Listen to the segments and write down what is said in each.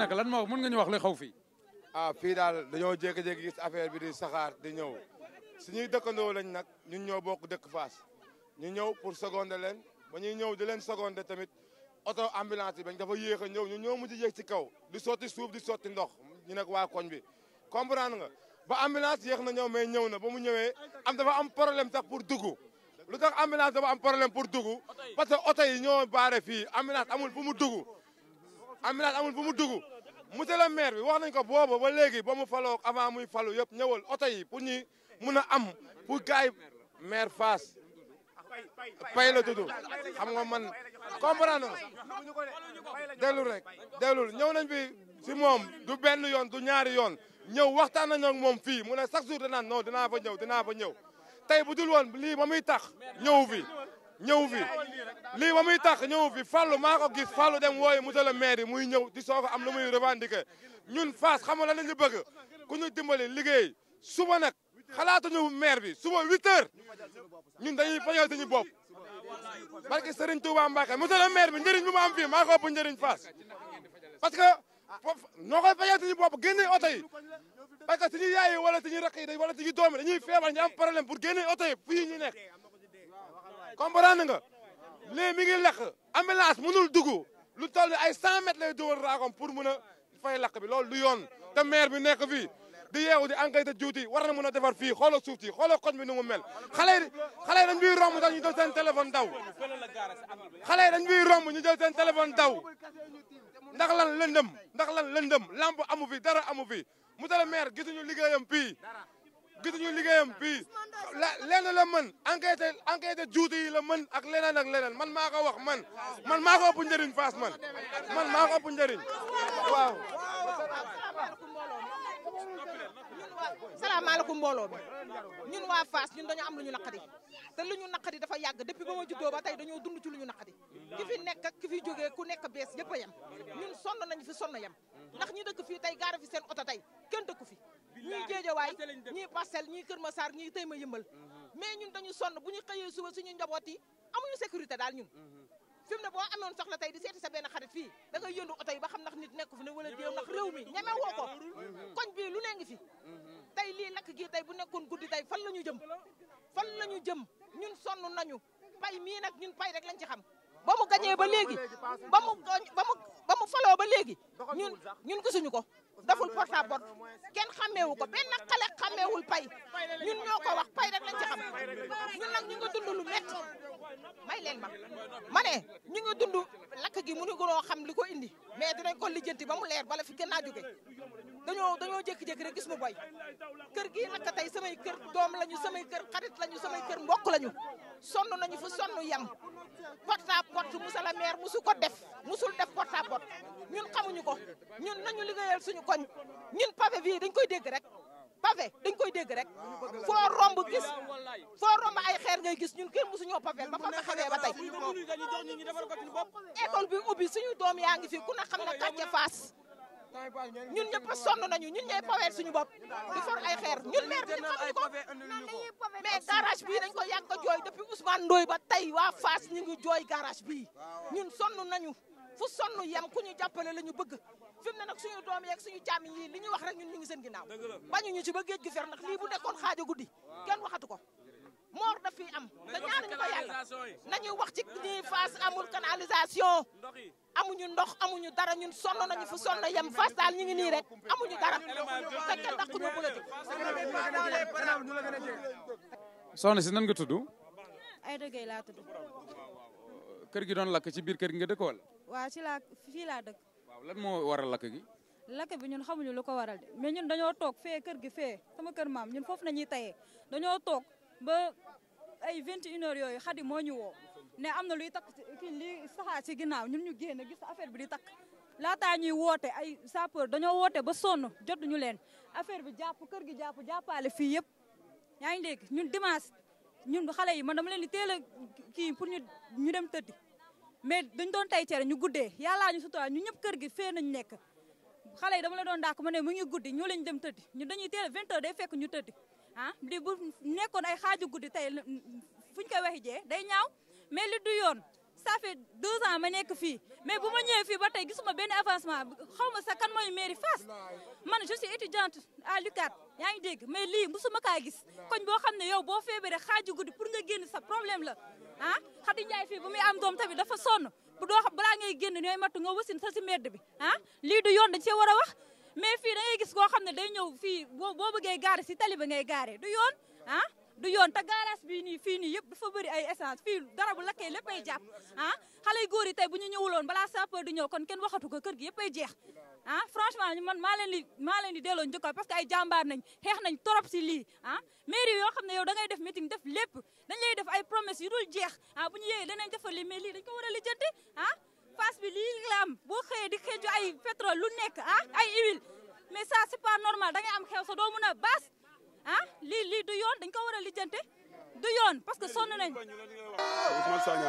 nag lan moo mun nga ñu wax li xaw fii ah daal dañoo jékki-jékki gis affaire bi di saxaar di ñëw suñuy dëkkandoo lañ nag ñun ñoo bokk dëkk Fass ñu ñëw pour seconder leen ba ñuy ñëw di leen seconder tamit oto ambulance yi bañ dafa yéex a ñëw ñu ñëw mujj yéeg ci kaw di sotti suuf di sotti ndox ñu nekk waa koñ bi comprendre nga ba ambulance yéex na ñëw mais ñëw na ba mu ñëwee am dafa am problème sax pour dugg lu tax ambulance dafa am problème pour dugg parce que oto yi ñoo baare fii ambulance amul fu mu dugg ambulance amul bu mu dugg mu le maire bi wax nañ ko boobu ba léegi ba mu faloo avant muy falu yëpp ñëwal oto yi pour ñu mun a am pour gars yi maire Fass pay la tudd xam nga man comprendre nga dellul rek dellul ñëw nañ bi si moom du benn yoon du ñaari yoon ñëw waxtaan nañ moom fii mun ne chaque jour danaan non dinaa fa ñëw dinaa ba ñëw tey bu dul woon lii ba muy tax ñëw fi ñëw fi lii ba muy tax ñëw fi Fallou maa ko gis Fallou dem wooyu monsieur le maire muy ñëw di soog am lu muy revendiquer ñun Fass xam nga lan la ñu bëgg ku ñu dimbali liggéey suba nag xalaatuñu maire bi suba huit heures ñun dañuy fajal suñu bopp parce que Serigne Touba Mbacke monsieur le maire bi njëriñ bi am fii maa ko ëpp njëriñ Fass parce parce que suñu yaay yi wala suñu rakk yi wala suñu doom dañuy feebar ñu am problème pour génne oto yi ñu nekk comprendre nga léegi mi ngi lakk ambulance mënul dugg lu toll ay 100 mètres lay dóor raakom pour mun a fay lakk bi loolu du yoon te maire bi nekk fii di yeewu di enquête juuti war na mën a defar fii xoolal suuf si xoolal koñ bi nu mu mel xale yi xale yi dañ ñuy romb sax ñu jël seen téléphone daw xale yi dañ ñuy romb ñu jël seen téléphone daw ndax lan lëndëm ndax lan lëndëm lamp amu fi dara amu fi monsieur le maire gisuñu liggéeyam fii gisuñu liggéeyam fii lenn la mën enquête enquête juuti yi la mën ak leneen ak leneen man maa ko wax man man maa ko ëpp njëriñ Fass man man maa ko ëpp njëriñ waaw. salaamaaleykum mbooloo bi ñun waa Fass ñun dañu am lu ñu naqari te lu ñu naqari dafa yàgg depuis ba ma juddoo ba tey dañoo dund ci lu ñu naqari ki fi nekk ak ki fi jógee ku nekk bees yëpp a yem ñun sonn nañu fi sonn yem ndax ñu dëkk fii tey gaara fi seen oto tey kenn dëkku fi. ñii Géejawaay ñii Parcelles ñii Kër saar ñii ma Yëmbal mhm. mais ñun dañu sonn bu ñu xëyee suba suñu njaboot yi amuñu sécurité daal ñun mhm. fi mu ne boo amoon soxla tey di seeti sa benn xarit fii da ngay yëndu oto yi ba xam nax nit nekk fi ne wala déew ndax réew mi ñeme woo ko koñ bii lu ne ngi fi mhm. tey lii lakk gii tey bu nekkoon guddi tey fan la ñu jëm fan la ñu jëm ñun sonn ñu pay mii nag ñun pay rek lañ ci xam ba mu gañee ba léegi ba mu ba mu ba mu faloo ba léegi ñun ñun gisuñu ko daful passeport kenn xameewu ko benn xale xameewul pay ñun ñoo ko wax pay rek lañ ci ñun nag ñu nga dund lu metti may leen ma ma ne ñu nga dund lakk gi mënu gënoo xam li ko indi mais dinañ ko lijjanti ba mu leer bala fi gën naa dañoo dañoo jékki-jékki gis mu boy kër gii naka tey samay kër doom lañu samay kër xarit lañu samay kër mbokk lañu sonn nañu fa sonn yam porte à porte musa la musu ko def musul def porte à ñun xamuñu ko ñun nañu liggéeyal suñu koñ ñun pavé bii dañ koy dégg rek pavé dañ koy dégg rek foo romb gis foo romb ay xeer ngay gis ñun kenn musuñoo pavé ba pavé xawee ba tey école bi ubbi suñu doom yaa ngi fi ku ne xam ne kàcce faas ñun ñëpp sonn nañu ñun ñooy paweer suñu bopp di for ay xeer ñun maire bi ñun xamuñu ko mais garage bii dañ ko yàgg ko jooy depuis Ousmane Ndoye ba tey waa Fass ñu ngi jooy garage bii ñun sonn nañu fu sonn yem ku ñu jàppale la bëgg fi mu ne nag suñu doom yeeg suñu jàmm yi li ñu wax rek ñun ñu ngi seen ginnaaw bañu ñu ci ba gi fer ndax lii bu nekkoon xaaja guddi kenn waxatu ko moor da fi am te ñaanuñu ko yàlla nañuy wax ci ni Fass amul canalisation amuñu ndox amuñu dara ñun sonn nañu fu sonn yem Fass daal ñu ngi nii rek amuñu dara te si nan nga tudd. ay dëggee laa tudd. kër gi doon lakk ci biir kër gi nga dëkk wala. waaw ci laa dëkk. waaw lan moo waral lakk gi. lakk bi ñun xamuñu lu ko waral de mais ñun dañoo toog fee kër gi fee sama kër maam ñun foofu nañuy tayee dañoo toog. ba ay 21 heures yooyu xadi moo ñu woo ne am na luy takk kii li saxaar ci ginnaaw ñun ñu génn gis affaire bi di takk laataa ñuy woote ay sapeur dañoo woote ba sonn jotuñu leen affaire bi jàpp kër gi jàpp jàppaale fii yëpp yaa ngi dégg ñun dimanche ñun xale yi man dama leen di teel a kii pour ñu ñu dem tëddi mais dañ doon tey cere ñu guddee yàllaa ñu sutura ñu ñëpp kër gi fee nañ nekk xale yi dama la doon dàq ma ne mu ngi guddi ñu lañ dem tëddi ñu dañuy teel a 20 heures ñu tëddi ah li bu nekkoon ay xaaju guddi tey fu ñu koy waxi jee day ñaaw mais li du yoon ça fait deux ma nekk fii mais bu ma ñëwee fii ba tey gisuma benn avancement xaw ma sax kan mooy mairie Fass man je suis étudiante à l'UCAD yaa ngi dégg mais lii musuma kaa gis koñ boo xam ne yow boo feebaree xaaju guddi pour nga génn sa problème la ah Xadi Njaay fii bu muy am doom tamit dafa sonn bu doo xam balaa ngay génn ñooy mattu nga wasin sa si mbedd bi ah yoon dañ see war a wax mais fii da ngay koo xam ne day ñëw fii boo boo bëggee gaare si tali ba ngay gaare du yoon ah du yoon te garage bii nii fii nii yëpp dafa bëri ay essence fii dara bu lakkee lépp ay jàpp ah xale yu góor yi tey bu ñu ñëwuloon balaa sapeur kon kenn waxatu ko kër gi yëpp ay jeex ah franchement man maa leen di maa leen di delloo njukkal parce que ay jàmbaar nañ torop si lii ah mairie yoo xam ne yow da ngay def meeting def lépp dañ lay def ay promesse yu dul jeex ah li mais lii dañ passe bi lii la am boo xëyee di xëju ay pétrole lu nekk ah, ay huile mais ça c'est pas normal da am xew sa doo mun a baas ah lii lii du yoon dañ ko war a lijjante du yoon parce que sonn nañ Ousmane Sagna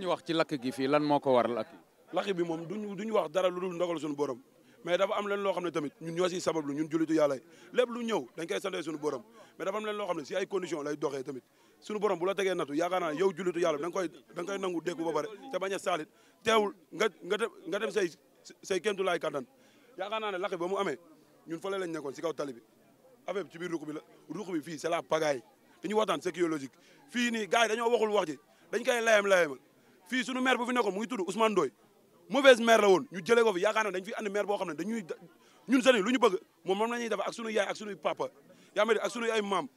ñu wax ci lakk gi fii lan moo ko waral ak lakk bi moom duñu duñu wax dara lu dul ndogal suñu borom mais dafa am leen loo xam ne tamit ñun ñoo siy sabablu ñun jullitu yàlla lépp lu ñëw dañ koy santee suñu borom mais dafa am leen loo xam ne si ay conditions lay doxee tamit suñu borom bu la tegee natu yaakaar naa yow jullitu yàlla da nga koy da nga koy nangu déggu ba te bañ a saalit teewul nga nga dem say say kéemtu laay kattan yaakaar naa ne laqi ba mu amee ñun fële lañ nekkoon si kaw tali bi affaire bi ci biir bi la ruq bi fii c'est la pagaille dañuy waxtaan sécologique fii nii gars yi dañoo wax ji dañ koy layam layamal fii suñu maire bu fi nekkoon mu ngi tudd Ousmane Ndoye mauvaise ñu jëlee ko fi yaakaar naa dañ fi andi maire boo xam ne dañuy ñun seni lu ñu bëgg moom moom la ñuy def ak suñu yaay ak suñuy papa yaa ma ak suñu ay maam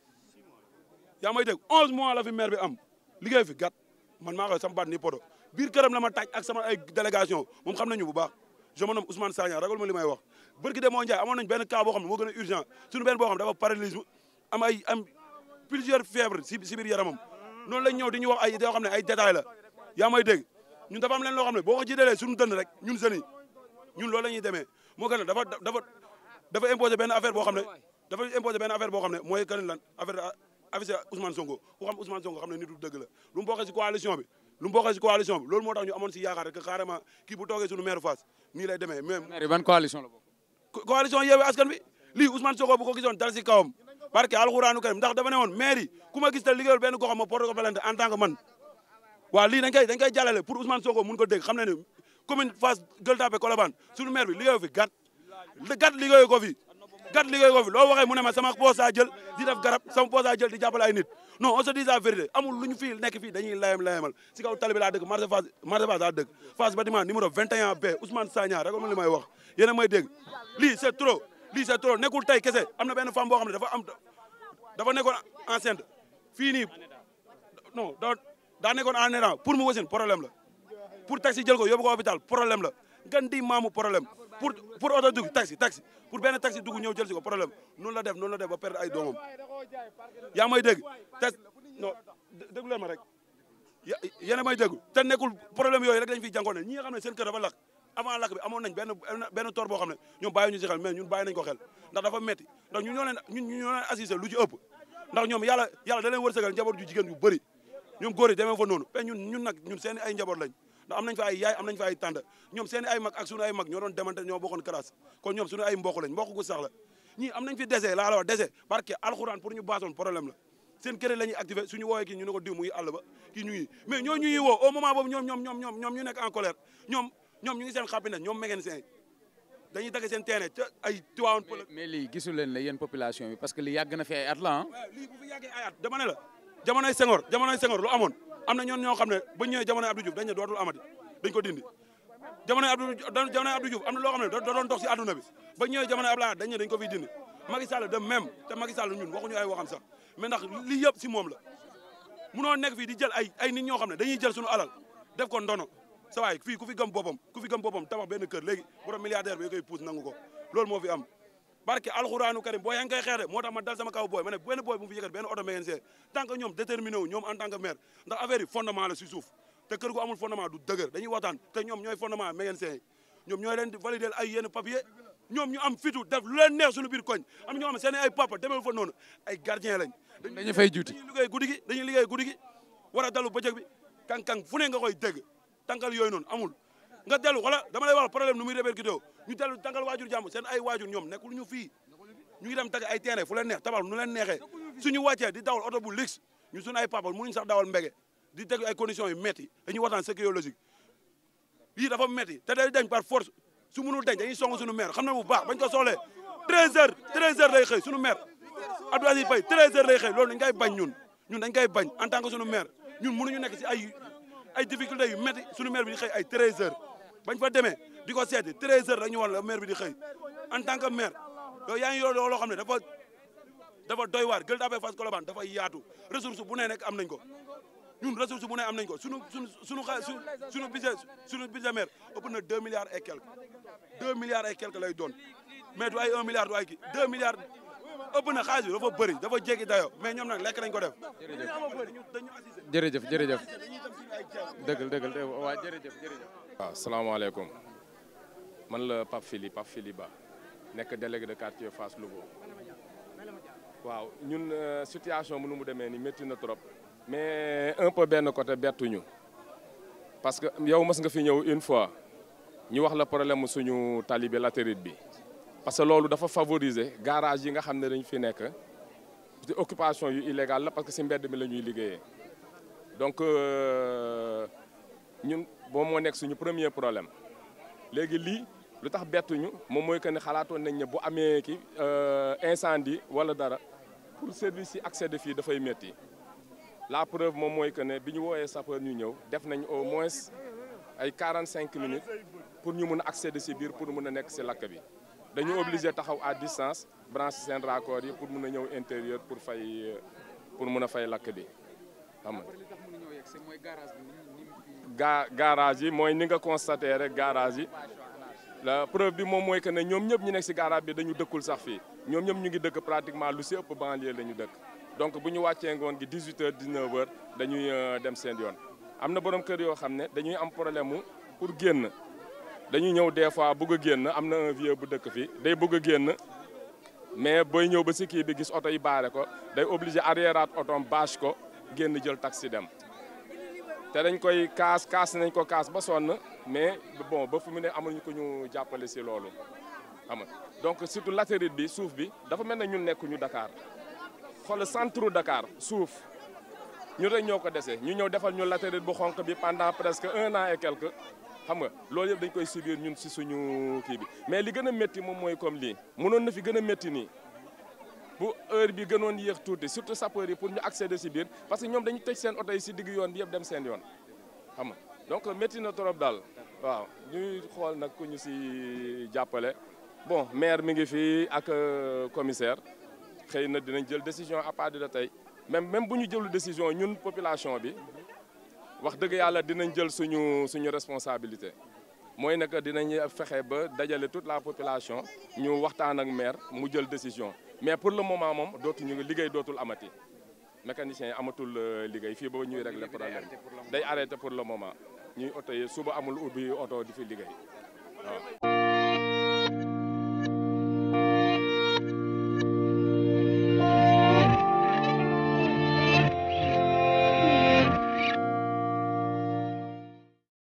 yaa may dégg 11 mois la fi maire bi am liggéey fi gàtt man maa koy sama baat nii poto biir këram la ma taaj ak sama ay délégation moom xam nañu bu baax je me nomme Ousmane Sagna ragal ma li may wax bërki de moo Ndiaye amoon nañ benn cas boo xam ne moo gën a urgent suñu benn boo xam ne dafa paralysme am ay am plusieurs yaramam noonu la ñëw di ñu wax ay yoo xam ne ay détails la yaa may dégg ñun dafa am leen loo xam ne boo ko ci delee suñu dënn rek ñun seni ñun loolu la ñuy demee moo gën a dafa dafa dafa imposé benn ne dafa imposé benn affaire ne mooy kan lan affiché Ousmane Sonko ku xam Ousmane Sonko xam ne nit du dëgg la lu mu bokkee si coalition bi lu mu bokkee si coalition bi loolu moo tax ñu amoon si yaakaar rek carrément kii bu toogee suñu maire Fass nii lay demee même ban coalition la bokk coalition Yewwi Askan Wi lii Ousmane Sonko bu ko gisoon dal si kawam barke alxuraanu karim ndax dafa ne woon maire yi ku ma gis te liggéeyul benn goxam ma porte ko plainte en tant que man waaw lii dañ koy dañ koy jàllale pour Ousmane Sonko mun ko dégg xam ne ne commune Fass Gueule Tapée Colobane suñu maire bi liggéeyu fi gàtt gàtt liggéeyu ko fi gat liggéey ko fi loo waxee mu ne ma sama poosa jël di def garab sama poosa jël di nit non on se dit vérité amul lu ñu nekk fii dañuy layam layamal si kaw tali bi laa dëkk marché Fass marché Fass laa dëkk Fass bâtiment numéro 21 B Ousmane Sagna rek moom li may wax yéen a may dégg lii c'est trop lii c'est trop nekkul tey kese am na benn femme boo xam ne dafa am dafa nekkoon enceinte fii non da daa nekkoon en errant pour mu wasin problème la pour taxi jël ko yóbbu ko hôpital problème la gan di maamu problème pour pour oto dugg taxi taxi pour benn taxi dugg ñëw jël si ko problème noonu la def noonu la def ba perdre ay doomam yaa may dégg te non déglu leen ma rek yéen a may dégg te nekkul problème yooyu rek dañ fiy jànkoon ne ñi nga xam ne seen kër dafa lakk avant lakk bi amoon nañ toor boo xam ne ñoom bàyyi ñu si xel mais ñun bàyyi nañ ko xel ndax dafa metti ndax ñun ñoo leen ñun ñoo leen assisté lu ci ëpp ndax ñoom yàlla yàlla da leen wërsëgal njaboot ju jigéen yu bëri ñoom góor yi demee fa noonu mais ñun ñun nag ñun seen ay njaboot lañ ndax am nañ fa ay yaay am nañ fa ay tànd ñoom seen ay mag ak suñu ay mag ñoo doon demante ñoo bokkoon classe kon ñoom suñu ay mbokk lañ mbokk gu sax la ñii am nañ fi dese laa la dese parce que alxuraan pour ñu baasoon problème la seen kër la ñuy activé suñu woowee ñu ne ko diw muy àll ba kii ñu yi mais ñoo ñoom ñoom ñoom ñoom ñoom ñu nekk en colère ñoom ñoom ñu ngi seen xàppine ñoom mécanicien dañuy dagg seen teene ca ay tuwaawoon mais lii gisul leen la yéen population bi parce que li yàgg na fi ay at la ah la jamonoy Senghor jamonoy Senghor lu amoon am na ñoon ñoo xam ne ba ñëwee jamonoy Abdou Diouf dañ ne dootul amati dañ ko dindi jamonoy Abdou jamonoy am na loo xam ne da doon dox si àdduna bi ba ñëwee jamonoy Abdoulaye dañ ne dañ ko fiy dindi Macky Sall de même te Macky Sall ñun waxuñu ay waxam sax mais ndax yëpp si moom la munoo nekk fii di jël ay ay nit ñoo xam ne dañuy jël suñu alal def ko ndono sa waay ku fi gëm boppam ku fi gëm boppam tabax benn kër léegi borom milliardaire bi koy puus nangu ko loolu moo fi am barke alxuraanu karim booy yaa ngi koy xeex de moo tax ma dal sama kaw booy ma ne benn booy bu mu fi yëkkati benn oto mécanicien ñoom déterminé ñoom en tant que maire ndax affaire la si suuf te kër gu amul fondement du dëgër dañuy waxtaan te ñoom ñooy fondement mécanicien yi ñoom ñooy leen di valider ay yenn papier ñoom ñu am fitu def lu leen neex suñu biir koñ am ñoo xam ne seen ay papa demeewul fa noonu ay gardien lañ dañuy fay juuti dañuy liggéey guddi gi dañuy liggéey guddi dalu bëccëg nga koy dégg tànkal yooyu noonu amul nga dellu wala dama lay wax problème nu muy répercuté ñu dellu tàngal waajur jàmm seen ay waajur ñoom nekkul ñu fii ñu ngi dem tagg ay terrain fu leen neex tabax nu leen neexee suñu wàccee di dawal oto bu luxe ay papal mënuñu sax dawal mbége di teg ay conditions yu métti dañuy waxtaan sécurologique yii dafa métti te day dañ par force su mënul dañ dañuy song suñu maire xam na bu baax bañ ko soxlee 13 heures 13 heures lay xëy suñu maire Abdou Aziz dañ koy bañ ñun ñun dañ koy bañ en tant que suñu maire ñun mënuñu nekk si ay ay difficultés yu métti suñu maire bi di xëy ay bañ fa demee di ko seeti 13 heures rek ñu woon la maire bi di xëy en tant que maire yow yaa ngi loo xam ne dafa dafa doy waar Gueule Tapée Fass Colobane dafa yaatu ressource bu nee nekk am nañ ko ñun ressource bu ne am nañ ko suñu suñu suñu xa suñu budget suñu budget maire ëpp na 2 milliards et quelque 2 milliards et quelque lay doon mais du ay 1 milliard du ay kii 2 milliards ëpp na xaalis bi dafa bëri dafa jéggi dayo mais ñoom nag lekk nañ ko def. jërëjëf jërëjëf jërëjëf dëgg dëgg waaw jërëjëf jërëjëf. waaw ah, salaamaaleykum man la Pape Fili Pape Fili Ba nekk délégué de quartier Fass Louga waaw ñun euh, situation bu nu mu demee ni métti na trop mais un peu benn côté bettuñu parce que yow mës nga fi ñëw une fois ñu wax la problème suñu tali bi latérite bi parce que loolu dafa favoriser garage yi nga xam ne dañ fi nekk ci occupation yu illégale la parce que si mbedd mi la ñuy liggéeyee donc euh, ñun boo moo nekk suñu premier problème léegi lii lu tax bettuñu moom mooy que ne xalaatoon nañ ne bu amee ki euh, incendie wala dara pour service yi accès de fii dafay métti là preuve moom mooy que ne bi ñu wooyee sapeur ñu ñëw def nañ au moins ay quarante 45 minutes pour ñu mun a accéder si biir pour mun a nekk si lakk bi dañu obligé taxaw à distance branche seen yi pour mun a ñëw intérieur pour fay pour mun a fay lakk bi xam nga ga garage yi mooy ni nga constaté rek garage yi la preuve bi moom mooy que ne ñoom ñëpp ñu nekk si garage bi dañu dëkkul sax fii ñoom ñëpp ñu ngi dëkk pratiquement lu si ëpp banlieue la ñu dëkk donc bu ñu wàccee ngoon gi 18 heures 19 heures dañuy euh, dem seen yoon am na borom kër yoo xam ne dañuy am problème mu pour génn dañuy ñëw des fois bëgg a génn am na un bu dëkk fii day bëgg a génn mais booy ñëw ba si kii bi gis oto yi baare ko day obligé arriéraat otoom bâche ko génn jël taxi te dañ koy kaas kaas nañ ko kaas ba sonn mais bon ba fu mu ne amuñu ko ñu jàppale si loolu xam nga donc surtout latérite bi suuf bi dafa mel ne ñun nekkuñu dakaar xool centre Dakar suuf ñun rek ñoo ko dese ñu ñëw defal ñu latérite bu xonq bi pendant presque un an et quelque xam nga loolu yëpp dañ koy subir ñun si suñu kii bi mais li gën a métti moom mooy comme lii mënoon na fi gën a métti nii. bu heure bi gënoon yéex tuuti surtout sapeurs yi pour ñu accéder si biir parce que ñoom dañu tëj seen oto yi si digg yoon bi yëpp dem seen yoon xam donc métti na trop daal waaw ñuy xool nag ku ñu si jàppale bon maire mi ngi fii ak euh, commissaire xëy na dinañ jël décision à partir de tey même même bu ñu jëlu décision ñun population bi wax dëgg yàlla dinañ jël suñu suñu responsabilité mooy nag dinañ fexe ba dajale toute la population ñu waxtaan ak maire mu jël décision mais pour le moment moom dootuñu ngi liggéey dootul amati mécanicien yi amatul euh, liggéey fii ba ñuy régler problème day arrêté pour le moment ñuy oto yi suba amul ubbi oto di fi